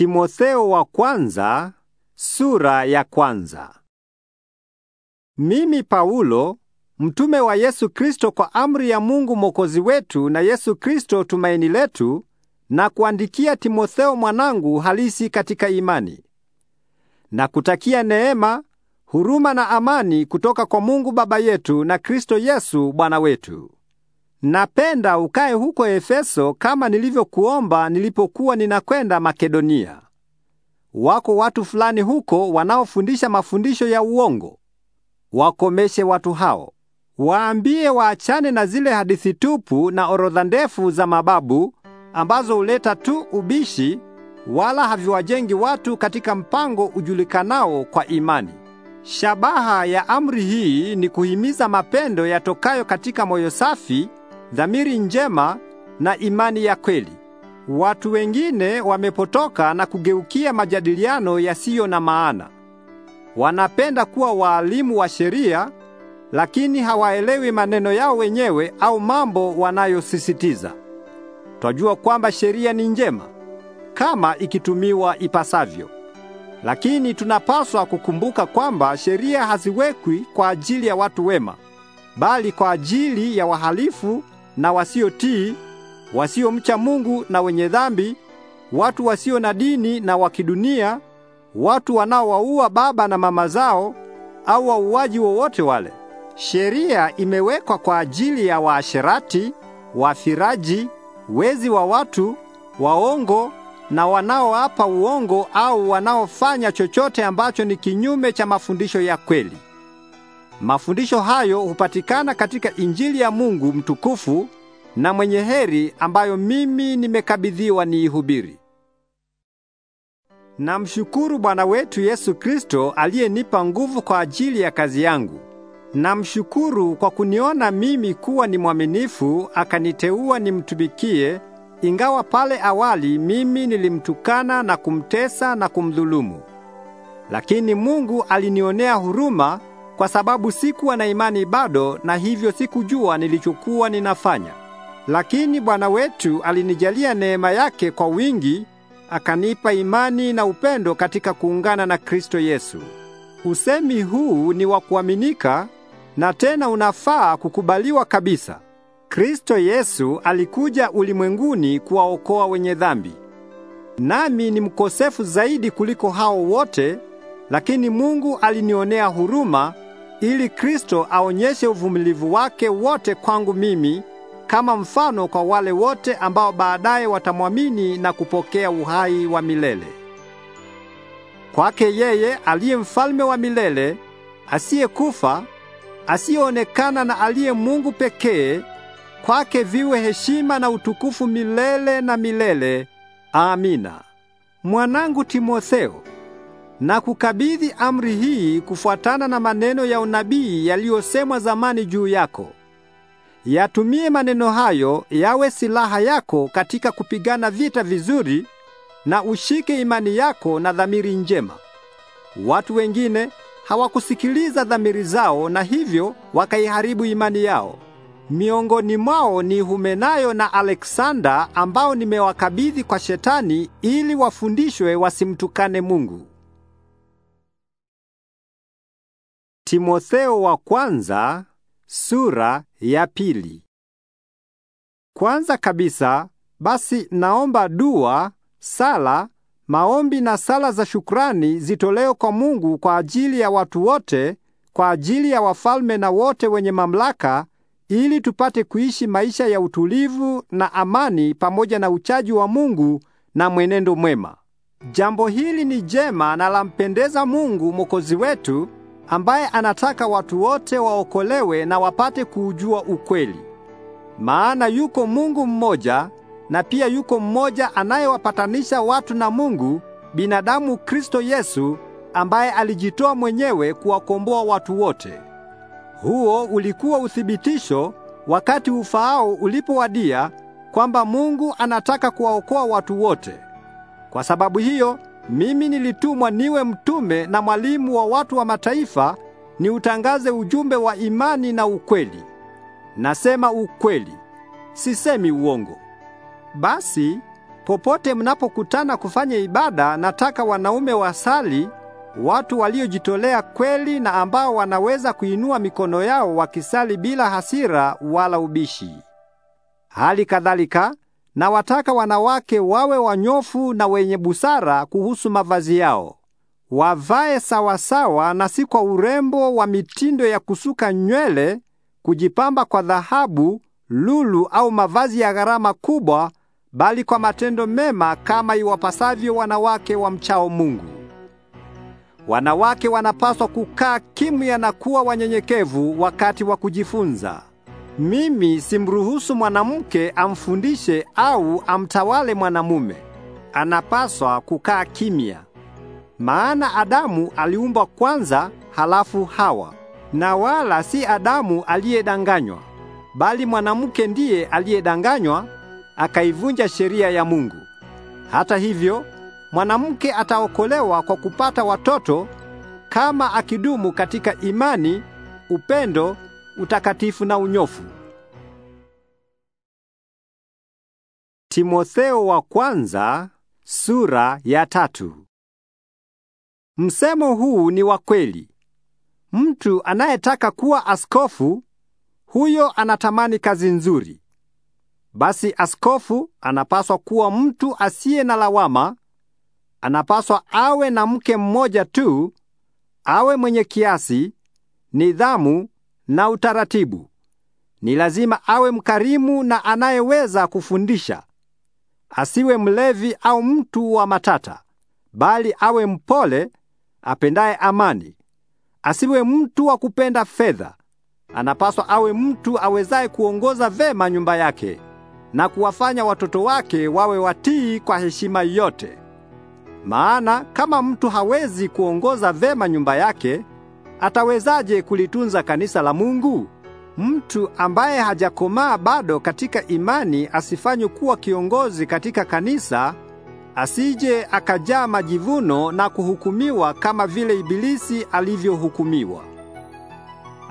Timotheo wa kwanza sura ya kwanza. Mimi Paulo mtume wa Yesu Kristo kwa amri ya Mungu Mwokozi wetu na Yesu Kristo tumaini letu na kuandikia Timotheo mwanangu halisi katika imani na kutakia neema, huruma na amani kutoka kwa Mungu Baba yetu na Kristo Yesu Bwana wetu. Napenda ukae huko Efeso kama nilivyokuomba nilipokuwa ninakwenda Makedonia. Wako watu fulani huko wanaofundisha mafundisho ya uongo. Wakomeshe watu hao. Waambie waachane na zile hadithi tupu na orodha ndefu za mababu ambazo huleta tu ubishi wala haviwajengi watu katika mpango ujulikanao kwa imani. Shabaha ya amri hii ni kuhimiza mapendo yatokayo katika moyo safi dhamiri njema na imani ya kweli. Watu wengine wamepotoka na kugeukia majadiliano yasiyo na maana. Wanapenda kuwa waalimu wa sheria, lakini hawaelewi maneno yao wenyewe au mambo wanayosisitiza. Twajua kwamba sheria ni njema kama ikitumiwa ipasavyo. Lakini tunapaswa kukumbuka kwamba sheria haziwekwi kwa ajili ya watu wema, bali kwa ajili ya wahalifu na wasiotii, wasiomcha Mungu na wenye dhambi, watu wasio na dini na wa kidunia, watu wanaowaua baba na mama zao, au wauaji wowote wale. Sheria imewekwa kwa ajili ya waasherati, wafiraji, wezi wa watu, waongo na wanaoapa uongo au wanaofanya chochote ambacho ni kinyume cha mafundisho ya kweli. Mafundisho hayo hupatikana katika Injili ya Mungu mtukufu na mwenye heri ambayo mimi nimekabidhiwa niihubiri. Namshukuru Bwana wetu Yesu Kristo aliyenipa nguvu kwa ajili ya kazi yangu. Namshukuru kwa kuniona mimi kuwa ni mwaminifu akaniteua nimtumikie, ingawa pale awali mimi nilimtukana na kumtesa na kumdhulumu. Lakini Mungu alinionea huruma kwa sababu sikuwa na imani bado, na hivyo sikujua nilichokuwa ninafanya. Lakini Bwana wetu alinijalia neema yake kwa wingi, akanipa imani na upendo katika kuungana na Kristo Yesu. Usemi huu ni wa kuaminika na tena unafaa kukubaliwa kabisa. Kristo Yesu alikuja ulimwenguni kuwaokoa wenye dhambi. Nami ni mkosefu zaidi kuliko hao wote, lakini Mungu alinionea huruma ili Kristo aonyeshe uvumilivu wake wote kwangu mimi kama mfano kwa wale wote ambao baadaye watamwamini na kupokea uhai wa milele. Kwake yeye aliye mfalme wa milele, asiyekufa, asiyeonekana na aliye Mungu pekee, kwake viwe heshima na utukufu milele na milele. Amina. Mwanangu Timotheo, na kukabidhi amri hii kufuatana na maneno ya unabii yaliyosemwa zamani juu yako. Yatumie maneno hayo yawe silaha yako katika kupigana vita vizuri, na ushike imani yako na dhamiri njema. Watu wengine hawakusikiliza dhamiri zao na hivyo wakaiharibu imani yao. Miongoni mwao ni Humenayo na Aleksanda ambao nimewakabidhi kwa Shetani ili wafundishwe wasimtukane Mungu. Timotheo wa kwanza sura ya pili. Kwanza kabisa basi naomba dua, sala, maombi na sala za shukrani zitolewe kwa Mungu kwa ajili ya watu wote, kwa ajili ya wafalme na wote wenye mamlaka, ili tupate kuishi maisha ya utulivu na amani pamoja na uchaji wa Mungu na mwenendo mwema. Jambo hili ni jema na lampendeza Mungu Mwokozi wetu ambaye anataka watu wote waokolewe na wapate kuujua ukweli. Maana yuko Mungu mmoja na pia yuko mmoja anayewapatanisha watu na Mungu, binadamu Kristo Yesu ambaye alijitoa mwenyewe kuwakomboa watu wote. Huo ulikuwa uthibitisho wakati ufaao ulipowadia kwamba Mungu anataka kuwaokoa watu wote. Kwa sababu hiyo mimi nilitumwa niwe mtume na mwalimu wa watu wa mataifa, niutangaze ujumbe wa imani na ukweli. Nasema ukweli, sisemi uongo. Basi popote mnapokutana kufanya ibada, nataka wanaume wasali, watu waliojitolea kweli na ambao wanaweza kuinua mikono yao wakisali bila hasira wala ubishi. Hali kadhalika Nawataka wanawake wawe wanyofu na wenye busara kuhusu mavazi yao. Wavae sawasawa na si kwa urembo wa mitindo ya kusuka nywele, kujipamba kwa dhahabu, lulu au mavazi ya gharama kubwa, bali kwa matendo mema kama iwapasavyo wanawake wa mchao Mungu. Wanawake wanapaswa kukaa kimya na kuwa wanyenyekevu wakati wa kujifunza. Mimi simruhusu mwanamke amfundishe au amtawale mwanamume. Anapaswa kukaa kimya. Maana Adamu aliumbwa kwanza halafu Hawa. Na wala si Adamu aliyedanganywa, bali mwanamke ndiye aliyedanganywa akaivunja sheria ya Mungu. Hata hivyo, mwanamke ataokolewa kwa kupata watoto kama akidumu katika imani, upendo utakatifu na unyofu. Timotheo wa kwanza sura ya tatu. Msemo huu ni wa kweli. Mtu anayetaka kuwa askofu huyo anatamani kazi nzuri. Basi askofu anapaswa kuwa mtu asiye na lawama, anapaswa awe na mke mmoja tu, awe mwenye kiasi, nidhamu na utaratibu. Ni lazima awe mkarimu na anayeweza kufundisha. Asiwe mlevi au mtu wa matata, bali awe mpole, apendaye amani. Asiwe mtu wa kupenda fedha. Anapaswa awe mtu awezaye kuongoza vema nyumba yake na kuwafanya watoto wake wawe watii kwa heshima yote. Maana kama mtu hawezi kuongoza vema nyumba yake, atawezaje kulitunza kanisa la Mungu? Mtu ambaye hajakomaa bado katika imani asifanywe kuwa kiongozi katika kanisa, asije akajaa majivuno na kuhukumiwa kama vile Ibilisi alivyohukumiwa.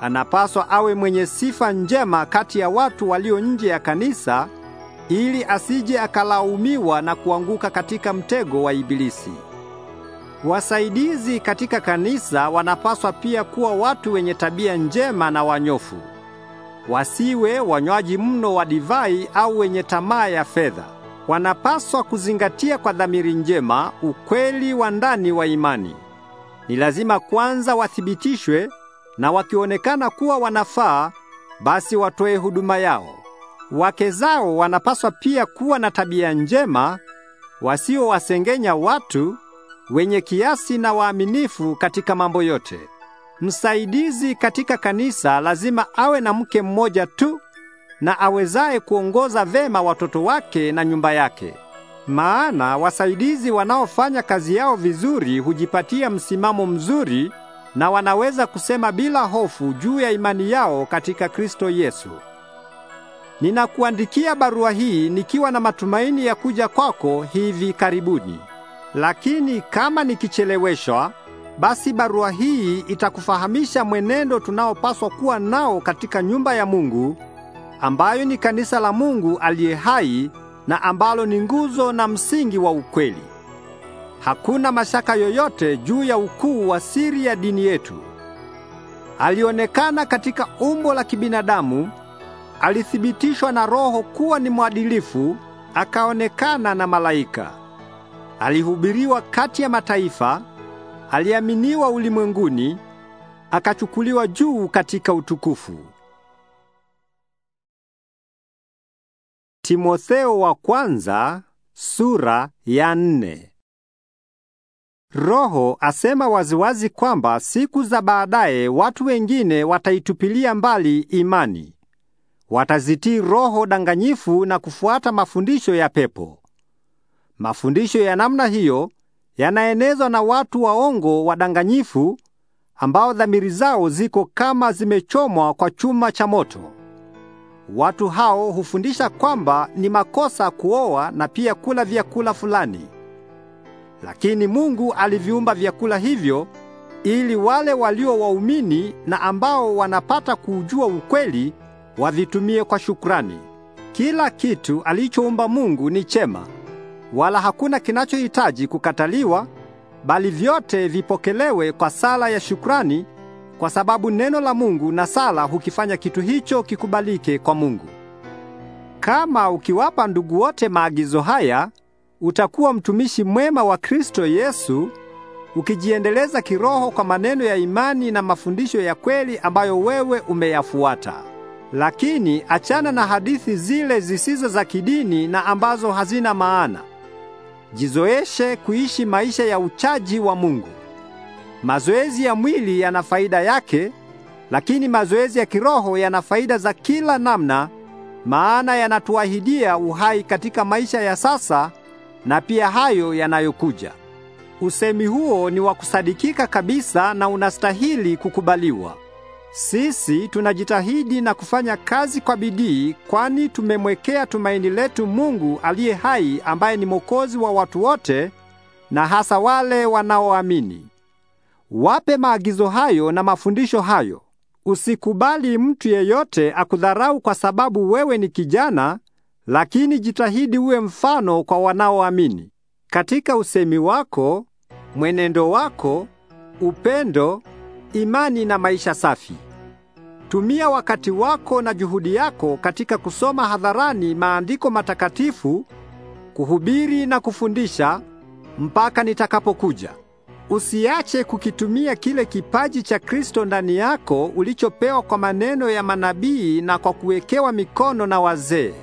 Anapaswa awe mwenye sifa njema kati ya watu walio nje ya kanisa, ili asije akalaumiwa na kuanguka katika mtego wa Ibilisi. Wasaidizi katika kanisa wanapaswa pia kuwa watu wenye tabia njema na wanyofu. Wasiwe wanywaji mno wa divai au wenye tamaa ya fedha. Wanapaswa kuzingatia kwa dhamiri njema ukweli wa ndani wa imani. Ni lazima kwanza wathibitishwe na wakionekana kuwa wanafaa, basi watoe huduma yao. Wake zao wanapaswa pia kuwa na tabia njema, wasiowasengenya watu wenye kiasi na waaminifu katika mambo yote. Msaidizi katika kanisa lazima awe na mke mmoja tu na awezaye kuongoza vema watoto wake na nyumba yake. Maana wasaidizi wanaofanya kazi yao vizuri hujipatia msimamo mzuri na wanaweza kusema bila hofu juu ya imani yao katika Kristo Yesu. Ninakuandikia barua hii nikiwa na matumaini ya kuja kwako hivi karibuni. Lakini kama nikicheleweshwa, basi barua hii itakufahamisha mwenendo tunaopaswa kuwa nao katika nyumba ya Mungu, ambayo ni kanisa la Mungu aliye hai na ambalo ni nguzo na msingi wa ukweli. Hakuna mashaka yoyote juu ya ukuu wa siri ya dini yetu. Alionekana katika umbo la kibinadamu, alithibitishwa na Roho kuwa ni mwadilifu, akaonekana na malaika alihubiriwa kati ya mataifa, aliaminiwa ulimwenguni, akachukuliwa juu katika utukufu. Timotheo wa kwanza sura ya nne. Roho asema waziwazi kwamba siku za baadaye watu wengine wataitupilia mbali imani. Watazitii roho danganyifu na kufuata mafundisho ya pepo. Mafundisho ya namna hiyo yanaenezwa na watu waongo wadanganyifu ambao dhamiri zao ziko kama zimechomwa kwa chuma cha moto. Watu hao hufundisha kwamba ni makosa kuoa na pia kula vyakula fulani. Lakini Mungu aliviumba vyakula hivyo ili wale walio waumini na ambao wanapata kuujua ukweli wavitumie kwa shukrani. Kila kitu alichoumba Mungu ni chema wala hakuna kinachohitaji kukataliwa, bali vyote vipokelewe kwa sala ya shukrani, kwa sababu neno la Mungu na sala hukifanya kitu hicho kikubalike kwa Mungu. Kama ukiwapa ndugu wote maagizo haya, utakuwa mtumishi mwema wa Kristo Yesu, ukijiendeleza kiroho kwa maneno ya imani na mafundisho ya kweli ambayo wewe umeyafuata. Lakini achana na hadithi zile zisizo za kidini na ambazo hazina maana jizoeshe kuishi maisha ya uchaji wa Mungu. Mazoezi ya mwili yana faida yake, lakini mazoezi ya kiroho yana faida za kila namna, maana yanatuahidia uhai katika maisha ya sasa na pia hayo yanayokuja. Usemi huo ni wa kusadikika kabisa na unastahili kukubaliwa. Sisi tunajitahidi na kufanya kazi kwa bidii, kwani tumemwekea tumaini letu Mungu aliye hai, ambaye ni mwokozi wa watu wote na hasa wale wanaoamini. Wape maagizo hayo na mafundisho hayo. Usikubali mtu yeyote akudharau kwa sababu wewe ni kijana, lakini jitahidi uwe mfano kwa wanaoamini. Katika usemi wako, mwenendo wako, upendo imani na maisha safi. Tumia wakati wako na juhudi yako katika kusoma hadharani maandiko matakatifu, kuhubiri na kufundisha mpaka nitakapokuja. Usiache kukitumia kile kipaji cha Kristo ndani yako ulichopewa kwa maneno ya manabii na kwa kuwekewa mikono na wazee.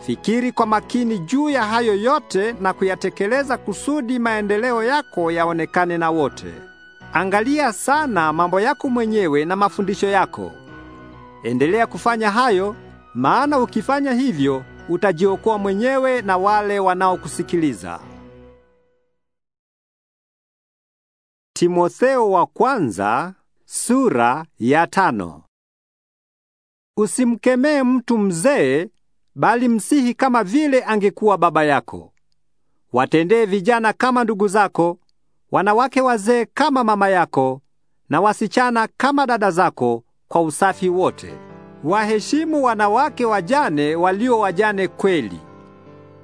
Fikiri kwa makini juu ya hayo yote na kuyatekeleza kusudi maendeleo yako yaonekane na wote. Angalia sana mambo yako mwenyewe na mafundisho yako. Endelea kufanya hayo, maana ukifanya hivyo utajiokoa mwenyewe na wale wanaokusikiliza. Timotheo wa kwanza sura ya tano. Usimkemee mtu mzee, bali msihi kama vile angekuwa baba yako. Watendee vijana kama ndugu zako, wanawake wazee kama mama yako na wasichana kama dada zako kwa usafi wote. Waheshimu wanawake wajane walio wajane kweli.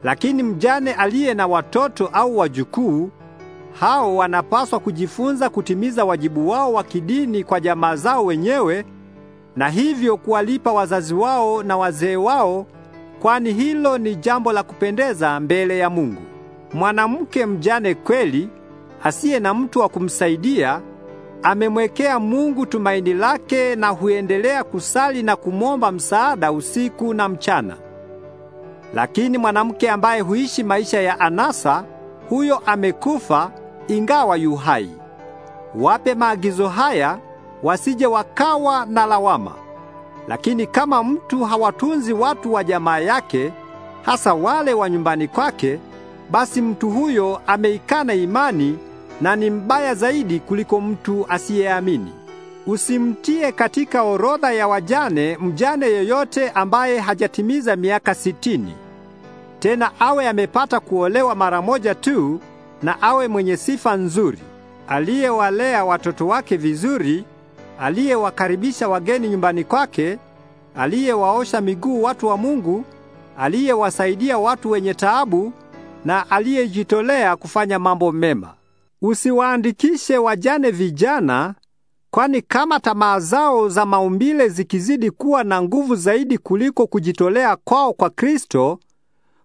Lakini mjane aliye na watoto au wajukuu hao wanapaswa kujifunza kutimiza wajibu wao wa kidini kwa jamaa zao wenyewe na hivyo kuwalipa wazazi wao na wazee wao, kwani hilo ni jambo la kupendeza mbele ya Mungu. Mwanamke mjane kweli asiye na mtu wa kumsaidia, amemwekea Mungu tumaini lake na huendelea kusali na kumwomba msaada usiku na mchana. Lakini mwanamke ambaye huishi maisha ya anasa, huyo amekufa ingawa yu hai. Wape maagizo haya wasije wakawa na lawama. Lakini kama mtu hawatunzi watu wa jamaa yake, hasa wale wa nyumbani kwake, basi mtu huyo ameikana imani na ni mbaya zaidi kuliko mtu asiyeamini. Usimtie katika orodha ya wajane mjane yeyote ambaye hajatimiza miaka sitini. Tena awe amepata kuolewa mara moja tu na awe mwenye sifa nzuri, aliyewalea watoto wake vizuri, aliyewakaribisha wageni nyumbani kwake, aliyewaosha miguu watu wa Mungu, aliyewasaidia watu wenye taabu na aliyejitolea kufanya mambo mema. Usiwaandikishe wajane vijana, kwani kama tamaa zao za maumbile zikizidi kuwa na nguvu zaidi kuliko kujitolea kwao kwa Kristo,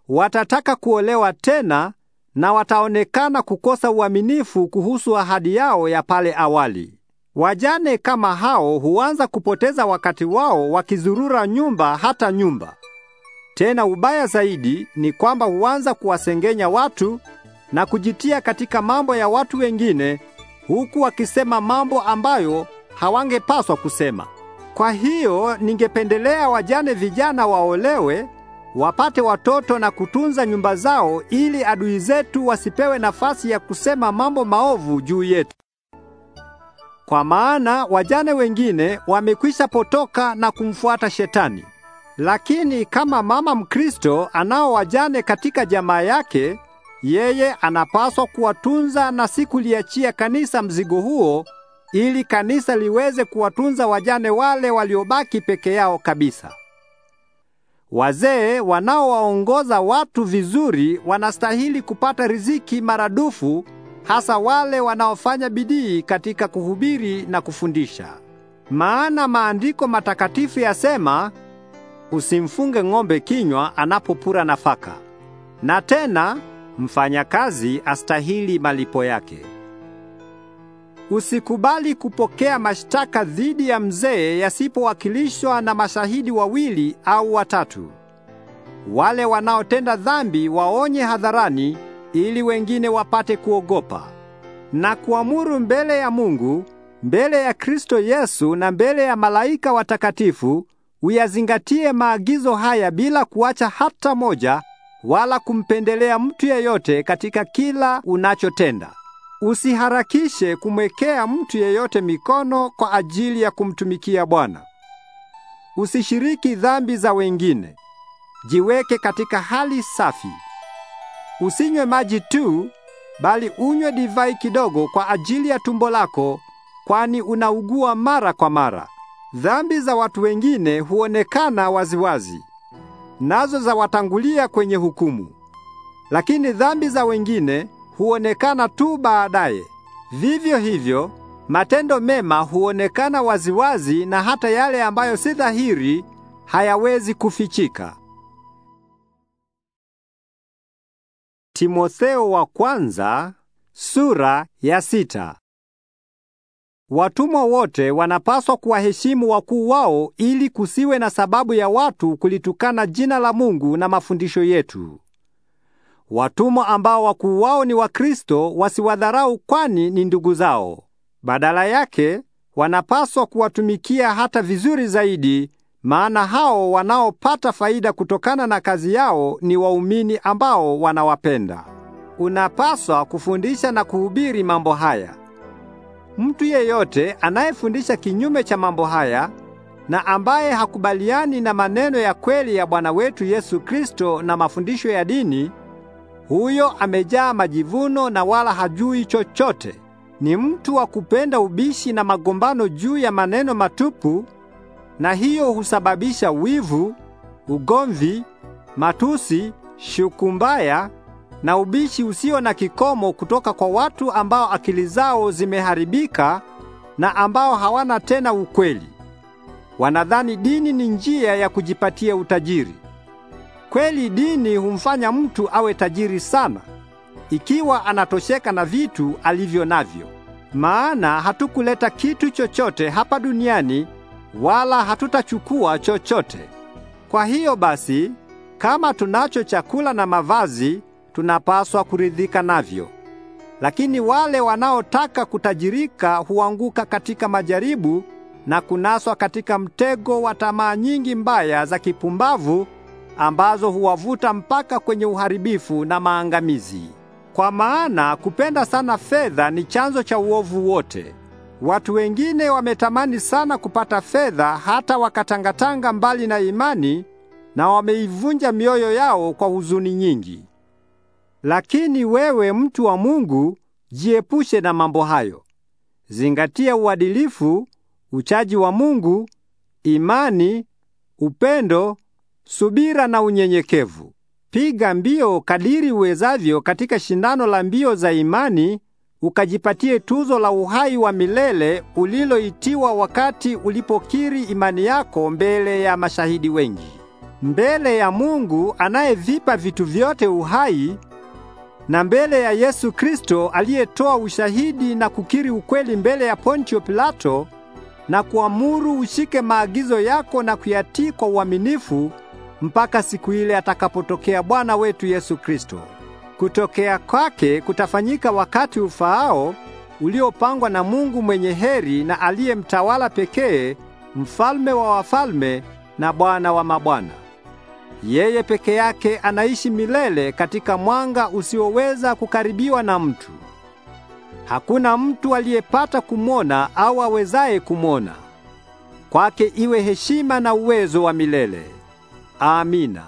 watataka kuolewa tena na wataonekana kukosa uaminifu kuhusu ahadi yao ya pale awali. Wajane kama hao huanza kupoteza wakati wao wakizurura nyumba hata nyumba. Tena ubaya zaidi ni kwamba huanza kuwasengenya watu na kujitia katika mambo ya watu wengine, huku wakisema mambo ambayo hawangepaswa kusema. Kwa hiyo ningependelea wajane vijana waolewe, wapate watoto na kutunza nyumba zao, ili adui zetu wasipewe nafasi ya kusema mambo maovu juu yetu. Kwa maana wajane wengine wamekwisha potoka na kumfuata Shetani. Lakini kama mama Mkristo anao wajane katika jamaa yake, yeye anapaswa kuwatunza na si kuliachia kanisa mzigo huo ili kanisa liweze kuwatunza wajane wale waliobaki peke yao kabisa. Wazee wanaowaongoza watu vizuri wanastahili kupata riziki maradufu, hasa wale wanaofanya bidii katika kuhubiri na kufundisha. Maana maandiko matakatifu yasema, usimfunge ng'ombe kinywa anapopura nafaka. Na tena mfanyakazi astahili malipo yake. Usikubali kupokea mashtaka dhidi ya mzee yasipowakilishwa na mashahidi wawili au watatu. Wale wanaotenda dhambi waonye hadharani ili wengine wapate kuogopa. Na kuamuru mbele ya Mungu, mbele ya Kristo Yesu na mbele ya malaika watakatifu, uyazingatie maagizo haya bila kuacha hata moja wala kumpendelea mtu yeyote katika kila unachotenda. Usiharakishe kumwekea mtu yeyote mikono kwa ajili ya kumtumikia Bwana. Usishiriki dhambi za wengine. Jiweke katika hali safi. Usinywe maji tu, bali unywe divai kidogo kwa ajili ya tumbo lako, kwani unaugua mara kwa mara. Dhambi za watu wengine huonekana waziwazi nazo zawatangulia kwenye hukumu. Lakini dhambi za wengine huonekana tu baadaye. Vivyo hivyo, matendo mema huonekana waziwazi na hata yale ambayo si dhahiri hayawezi kufichika. Timotheo wa kwanza, sura ya sita. Watumwa wote wanapaswa kuwaheshimu wakuu wao ili kusiwe na sababu ya watu kulitukana jina la Mungu na mafundisho yetu. Watumwa ambao wakuu wao ni Wakristo wasiwadharau kwani ni ndugu zao. Badala yake, wanapaswa kuwatumikia hata vizuri zaidi maana hao wanaopata faida kutokana na kazi yao ni waumini ambao wanawapenda. Unapaswa kufundisha na kuhubiri mambo haya. Mtu yeyote anayefundisha kinyume cha mambo haya na ambaye hakubaliani na maneno ya kweli ya Bwana wetu Yesu Kristo na mafundisho ya dini, huyo amejaa majivuno na wala hajui chochote. Ni mtu wa kupenda ubishi na magombano juu ya maneno matupu, na hiyo husababisha wivu, ugomvi, matusi, shuku mbaya, na ubishi usio na kikomo kutoka kwa watu ambao akili zao zimeharibika na ambao hawana tena ukweli. Wanadhani dini ni njia ya kujipatia utajiri. Kweli dini humfanya mtu awe tajiri sana ikiwa anatosheka na vitu alivyo navyo. Maana hatukuleta kitu chochote hapa duniani wala hatutachukua chochote. Kwa hiyo basi, kama tunacho chakula na mavazi, tunapaswa kuridhika navyo. Lakini wale wanaotaka kutajirika huanguka katika majaribu na kunaswa katika mtego wa tamaa nyingi mbaya za kipumbavu ambazo huwavuta mpaka kwenye uharibifu na maangamizi. Kwa maana kupenda sana fedha ni chanzo cha uovu wote. Watu wengine wametamani sana kupata fedha hata wakatangatanga mbali na imani na wameivunja mioyo yao kwa huzuni nyingi. Lakini wewe mtu wa Mungu, jiepushe na mambo hayo. Zingatia uadilifu, uchaji wa Mungu, imani, upendo, subira na unyenyekevu. Piga mbio kadiri uwezavyo katika shindano la mbio za imani, ukajipatie tuzo la uhai wa milele uliloitiwa wakati ulipokiri imani yako mbele ya mashahidi wengi. Mbele ya Mungu anayevipa vitu vyote uhai na mbele ya Yesu Kristo aliyetoa ushahidi na kukiri ukweli mbele ya Pontio Pilato na kuamuru ushike maagizo yako na kuyatii kwa uaminifu mpaka siku ile atakapotokea Bwana wetu Yesu Kristo. Kutokea kwake kutafanyika wakati ufaao uliopangwa na Mungu mwenye heri na aliyemtawala pekee, mfalme wa wafalme na Bwana wa mabwana. Yeye peke yake anaishi milele katika mwanga usioweza kukaribiwa na mtu. Hakuna mtu aliyepata kumwona au awezaye kumwona. Kwake iwe heshima na uwezo wa milele. Amina.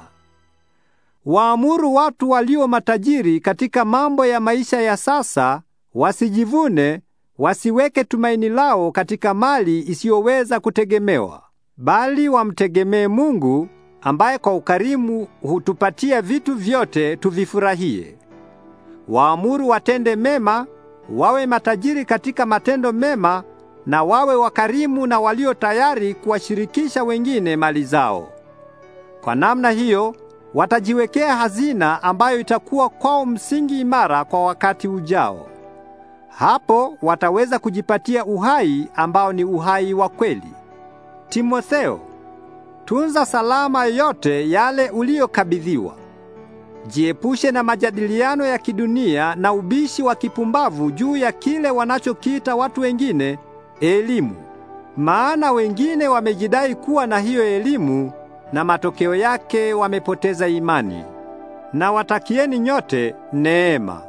Waamuru watu walio matajiri katika mambo ya maisha ya sasa wasijivune, wasiweke tumaini lao katika mali isiyoweza kutegemewa, bali wamtegemee Mungu ambaye kwa ukarimu hutupatia vitu vyote tuvifurahie. Waamuru watende mema, wawe matajiri katika matendo mema na wawe wakarimu na walio tayari kuwashirikisha wengine mali zao. Kwa namna hiyo watajiwekea hazina ambayo itakuwa kwao msingi imara kwa wakati ujao. Hapo wataweza kujipatia uhai ambao ni uhai wa kweli. Timotheo, tunza salama yote yale uliyokabidhiwa. Jiepushe na majadiliano ya kidunia na ubishi wa kipumbavu juu ya kile wanachokiita watu wengine elimu, maana wengine wamejidai kuwa na hiyo elimu na matokeo yake wamepoteza imani. Na watakieni nyote neema.